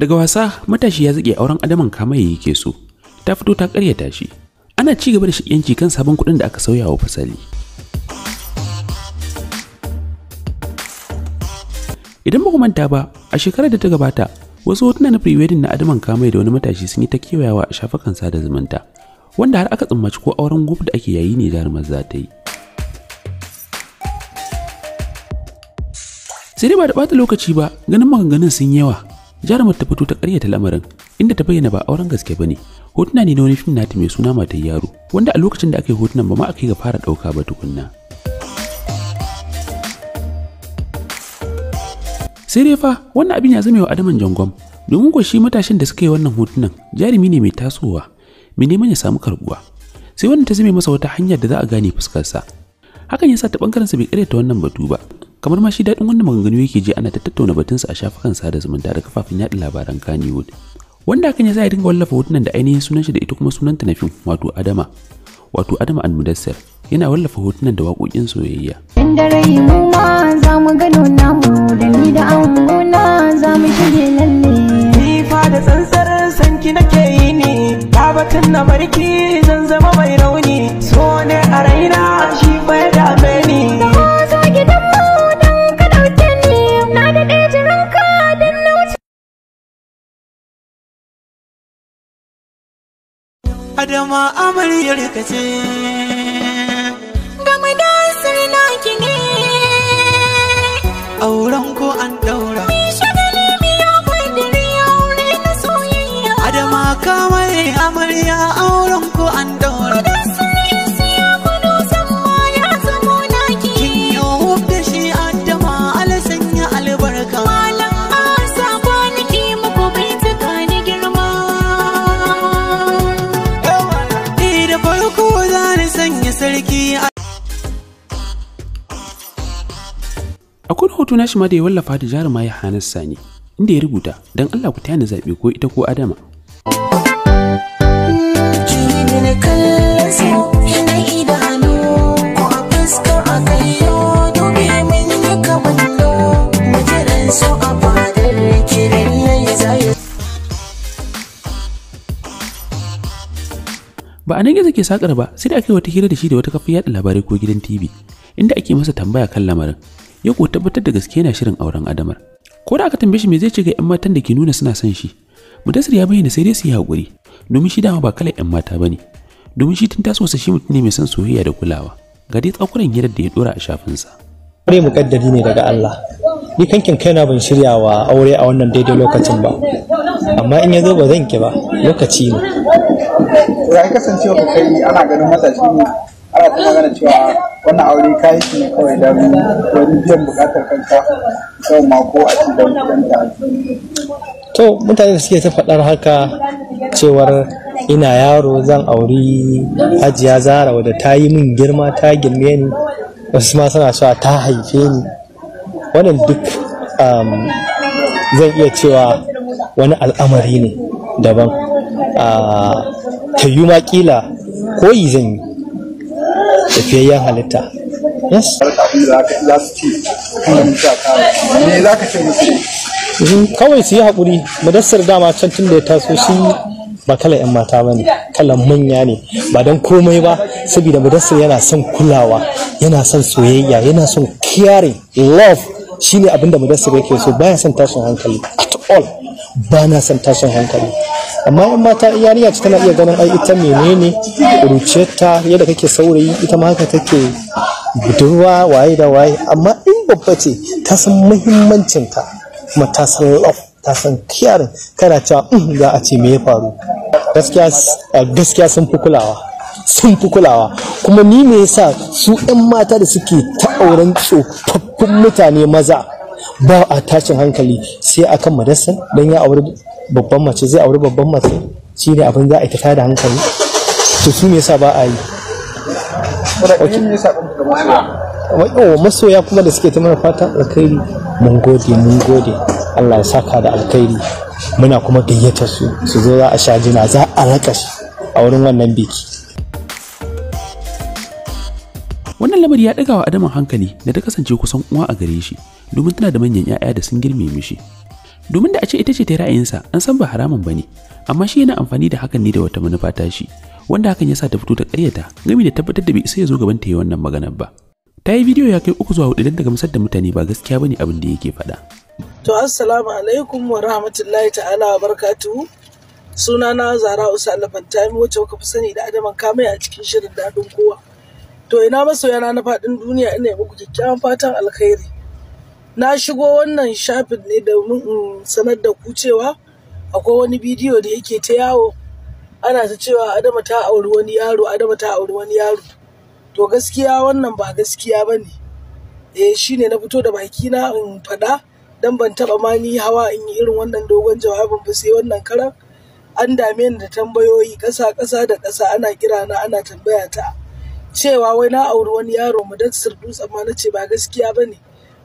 daga wasa matashi ya zage auren adaman kama'i yake so ta fito ta karyata shi ana ci gaba da shiƙenci kan sabon kuɗin da aka sauya wa fasali idan ba manta ba a shekarar da ta gabata wasu hotuna na pre na adaman kama'i da wani matashi sun yi ta kewayawa a shafukan sada zumunta wanda har aka tsammaci ko auren gub da ake yayi ne jarumar za ta yi sai dai ba da ɓata lokaci ba ganin maganganun sun yawa jarumar ta fito ta karyata lamarin inda ta bayyana ba auren gaske ne, hotuna ne na wani fim nata mai suna matar yaro wanda a lokacin da aka yi hotunan ba ma aka yi ga fara ɗauka ba tukunna sai dai fa wannan abin ya zama wa adaman jangon domin ko shi matashin da suka yi wannan hotunan jarumi ne mai tasowa mai neman ya samu karbuwa sai wannan ta zame masa wata hanya da za a gane fuskarsa hakan ya sa ta bangaren sa bai karyata wannan batu ba kamar ma shi daɗin wanda maganganu yake je ana ta tattauna batunsa a shafukan sada zumunta da kafafen yaɗa labaran kaniwood Wanda hakan ya sa ya dinga wallafa hotunan da ainihin sunan shi da ita kuma sunanta na fim wato Adama. Wato Adama Almudassar yana wallafa hotunan da waƙoƙin soyayya. da rai mu za mu gano namu da ni da za mu shige lalle. Ni da tsantsar sanki nake yi ne babatun na barki zan zama mai rauni so ne a raina shi bai da. da amaryar ka ce Ramadan sirna ki ne Auren ko an daura Mi shagali mi ya kwadiri aure na soyayya Adama kamar amarya auren ko an akwai hoto na shi ma da ya wallafa da ma ya sani inda ya rubuta don allah ku tayani zaɓe ko ita ko adama ba a nan gizo ke sakar ba sai da aka yi wata hira da shi da wata kafin yada labarai ko gidan tv inda ake masa tambaya kan lamarin ya ko tabbatar da gaske yana shirin auren Adamar. Ko da aka tambaye shi me zai ce ga 'yan matan da ke nuna suna son shi, Mudassir ya bayyana sai dai su yi haƙuri, domin shi dama ba kalar 'yan mata ba ne, domin shi tun taso shi mutum ne mai son soyayya da kulawa, ga dai tsakuran hirar da ya dora a shafinsa. mu kaddari ne daga Allah, ni kankin kaina ban shirya wa aure a wannan daidai lokacin ba, amma in ya zo ba zan ki ba lokaci ne. Ya kasancewa kai ana ganin matashi ne, ana ta magana cewa wannan aure ka yi ne kawai da wani biyan bukatar kanka sau mako a cikin dan ta to mutane suke ta faɗar haka cewar ina yaro zan auri hajiya zara wadda ta yi min girma ta girme ni wasu ma suna cewa ta haife ni wannan duk um, zan iya cewa wani al'amari ne daban ah, ta yi ma kila koyi zan yi da halitta yes kawai su yi haƙuri madassar dama can tun da ya taso shi ba kalan 'yan mata ba ne kalan manya ne ba don komai ba saboda madassar yana son kulawa yana son soyayya yana son caring love shi ne abinda madassar yake so baya son tashin hankali at all ba na son tashin hankali amma 'yan mata iyaliya ce tana iya ganin ai ita menene ta yadda kake saurayi ita ma haka take budurwa waye da waye amma in babba ce ta san muhimmancin ta kuma ta san love ta san kiyar. kana cewa mm, za a ce me ya faru gaskiya sun fi kulawa sun fi kulawa kuma ni me yasa su 'yan mata da suke ta auren tsofaffin mutane maza ba a tashin hankali sai akan madarsa dan ya auri babban mace zai auri babban mace shi ne abin za a yi da hankali to su ne yasa ba a yi masoya kuma da suke ta mana fata alkhairi mun gode mun gode Allah ya saka da alkhairi muna kuma gayyata su su zo za a sha jina za a raka shi a wurin wannan biki wannan lamari ya ɗaga wa adama hankali da ta kasance kusan uwa a gare shi domin tana da manyan 'ya'ya da sun girme mishi domin da a ce ita ce ta ra'ayinsa an san ba haramun ba ne amma shi yana amfani da hakan ne da wata manufa ta shi wanda hakan ya sa ta fito ta ƙaryata gami da tabbatar da bai isa ya zo gaban ta yi wannan maganar ba ta yi bidiyo ya kai uku zuwa hudu don ta gamsar da mutane ba gaskiya bane abin da yake faɗa. to assalamu alaikum wa rahmatullahi ta'ala wa barakatuhu sunana zara usa alfantami wacce kuka fi sani da adaman kamai a cikin shirin daɗin kowa To ina masoyana na faɗin duniya ina muku kyakkyawan fatan alkhairi. Na shigo wannan shafin ne domin in sanar da ku cewa akwai wani bidiyo da yake ta yawo ana ta cewa Adama ta auri wani yaro Adama ta auri wani yaro. To gaskiya wannan ba gaskiya ba ne. Eh shi ne na fito da bakina in faɗa dan ban taɓa ma hawa in yi irin wannan dogon jawabin ba sai wannan karan. An dame ni da tambayoyi ƙasa-ƙasa da ƙasa ana kira na ana tambaya ta. cewa wai na auri wani yaro mu dan sirdu amma na ce ba gaskiya ba ne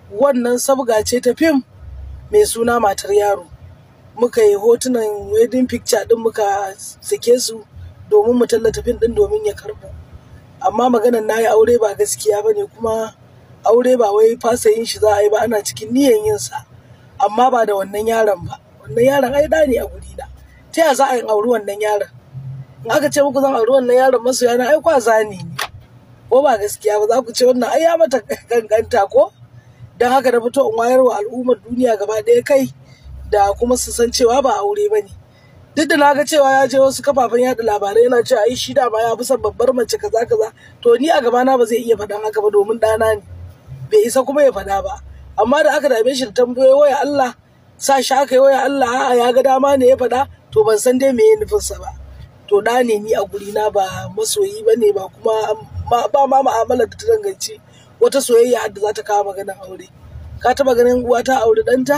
wannan sabga ce ta fim mai suna matar yaro muka yi hotunan wedding picture din muka sake su domin mu tallata fim din domin ya karbo amma maganan na yi aure ba gaskiya ba ne kuma aure ba wai fasa yin shi za a yi ba ana cikin niyan yin sa amma ba da wannan yaron ba wannan yaron ai da ne a guri da ta yaya za a yi auri wannan yaron in aka ce muku zan auri wannan yaron masoyana ai kwa zani ne ko ba gaskiya ba za ku ce wannan ai ya mata ganganta ko dan haka da fito in wayar wa al'ummar duniya gaba ɗaya kai da kuma su san cewa ba aure ba ne duk da naga cewa ya je wasu kafafen yada labarai yana cewa ai shi da ba ya fi son babbar mace kaza kaza to ni a gaba na ba zai iya faɗan haka ba domin ɗana ne bai isa kuma ya faɗa ba amma da aka dame shi da tambayoyi waya Allah sa shi aka yi waya Allah a'a ya ga dama ne ya faɗa to ban san dai me ya nufinsa ba to ɗa ne ni a guri na ba masoyi ba ne ba kuma ba ma ma'amalar da ta danganci wata soyayya da za ta kawo maganar aure ka taba ganin uwa ta aure danta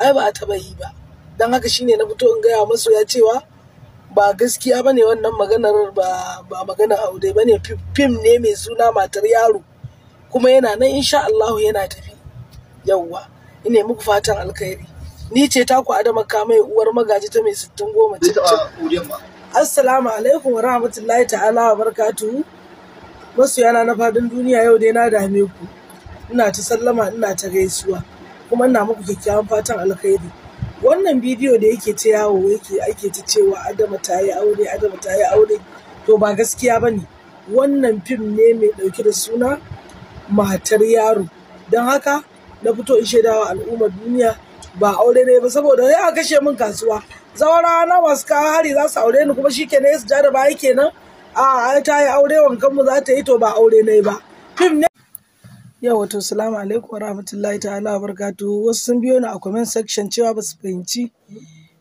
ai ba a taba yi ba Dan haka shine na fito in gaya masu ya cewa ba gaskiya bane wannan maganar ba ba maganar aure bane fim ne mai suna matar yaro kuma yana nan insha Allah yana tafi yawwa ina muku fatan alkhairi ni ce ku Adama Kamai uwar magaji ta mai sittin goma Assalamu alaikum wa rahmatullahi ta'ala wa barakatuhu masoyana na fadin duniya yau dai na dame ku ina ta sallama ina ta gaisuwa kuma ina muku kyakkyawan fatan alkhairi wannan bidiyo da yake ta yawo yake ake ta cewa adama ta yi aure adama ta yi aure to ba gaskiya ba ne wannan fim ne mai ɗauke da suna matar yaro don haka na fito in shaidawa al'ummar duniya ba aure ne ba saboda ya kashe min kasuwa zawarawa na masu kawo hari za su aure ni kuma shi kenan ya su ja da baya kenan a ta yi aure wankan mu za ta yi to ba aure nai ba yau wato salamu alaikum wa rahmatullahi ta'ala wa barakatuhu wasu sun biyo ni a comment section cewa ba su fahimci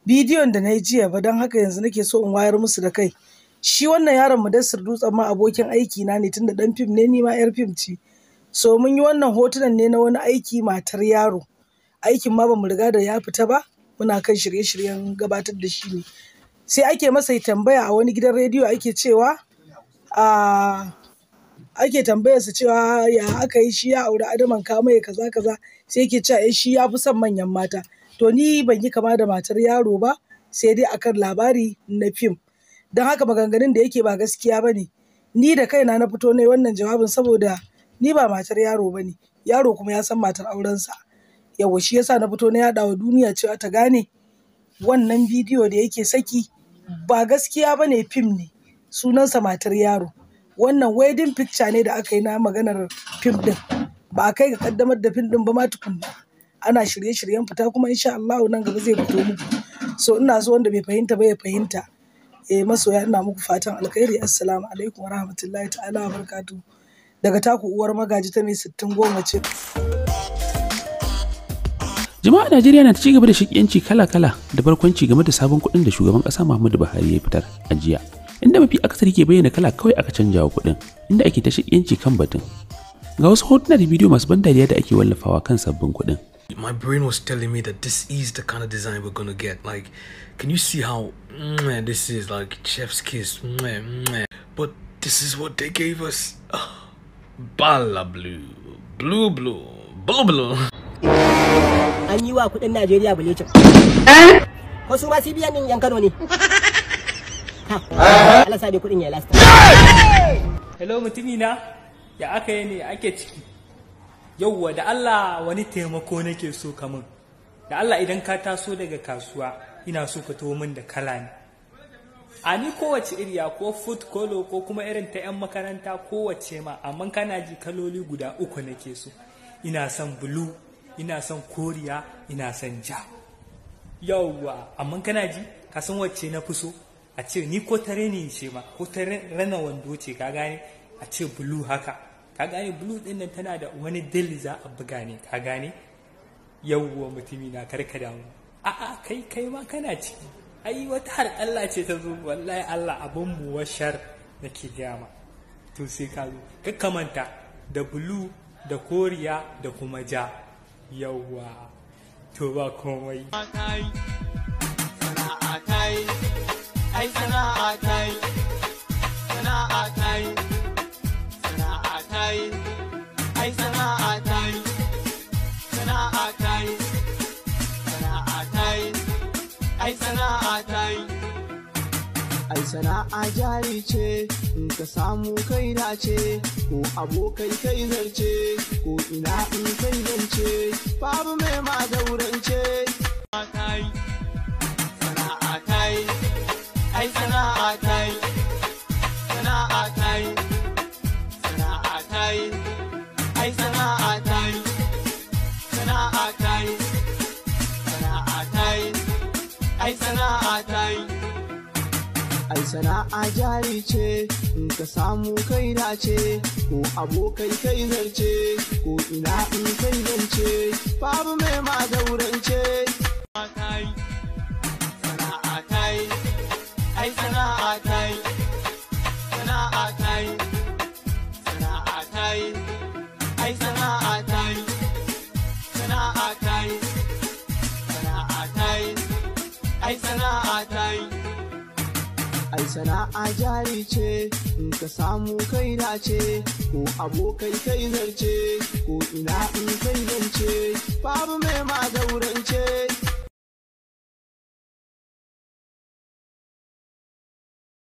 bidiyon da na yi jiya ba don haka yanzu nake so in wayar musu da kai shi wannan yaron mu mudassir dutsen ma abokin aiki na ne tunda dan fim ne ni ma yar fim ce so mun yi wannan hotunan ne na wani aiki matar yaro aikin ma bamu riga da ya fita ba muna kan shirye-shiryen gabatar da shi ne sai ake masa tambaya a wani gidan rediyo ake cewa a ake tambayarsa cewa ya aka yi shi ya auri adaman kama ya kaza kaza sai yake cewa eh shi ya fi son manyan mata to ni ban yi kama da matar yaro ba sai dai akan labari na fim don haka maganganun da yake ba gaskiya ba ne ni da kaina na fito ne wannan jawabin saboda ni ba matar yaro ba ne yaro kuma ya san matar aurensa yawa shi yasa na fito na yaɗa wa duniya cewa ta gane wannan bidiyo da yake saki ba gaskiya ba ne fim ne. Sunansa Matar Yaro. Wannan wedding picture ne da aka yi na maganar fim ɗin. Ba a kai ga ƙaddamar da fim ɗin ba ma tukunna. Ana shirye shiryen fita kuma insha sha Allahu nan gaba zai fito muku. So ina so wanda bai fahimta ba ya fahimta. Eh masoya ina muku fatan alkhairi. Assalamu alaikum warahmatullahi ta'ala wabarakatuh. Daga taku uwar magaji ta mai sittin goma ce. jama'a najeriya na ta ci gaba da shikiyanci kala-kala da barkwanci game da sabon kuɗin da shugaban ƙasa muhammadu buhari ya fitar a jiya inda mafi akasari ke bayyana kala kawai aka canja wa kuɗin inda ake ta shikiyanci kan batun ga wasu hotuna da bidiyo masu ban dariya da ake wallafawa kan sabbin kuɗin my brain was telling me that this is the kind of design we're gonna get. Like, can you see how man, this is like chef's kiss? man, man. but this is what they gave us. Oh, Bala blue, blue blue, blue blue. an yi wa kudin Najeriya bulecin. Wasu eh? ma CBN din yan Kano ne. Eh? Allah sa dai kudin ya lasta. Hello mutumi na ya aka yi ne ake ciki. Yauwa da Allah wani taimako nake so ka Da Allah idan ka taso daga kasuwa ina so ka taho min da kala ne. A ni kowace iriya ko food kolo ko kuma irin ta 'yan makaranta kowace ma amma kana ji kaloli guda uku nake so. Ina son blue ina son koriya ina son ja yawwa amma kana ji ka san wacce na fi so a ce ni ko tare ne ce ma ko tare rana wando ce ka gane a ce bulu haka ka gane bulu din nan tana da wani dil za a buga ne ka gane yawwa mutumi na karka damu a'a kai kai ma kana ciki ai wata har Allah ce ta zo wallahi Allah abun mu washar nake gaya ma to sai ka zo ka kamanta da bulu, da koriya da kuma ja yauwa to ba komai sana'a jari ce in ka samu kai dace ko abokai kai zarce ko ina in kai zance babu mai ma gaurance sana'a kai ai sana'a kai ai sana'a jari ce in ka samu kai dace ko abokai kai zarce ko ina in kai zance babu mai ma zaurance sana'a jari ce in ka samu kai na ce ko abokai kai zarce ko ina in kai zance babu mai ma zaurance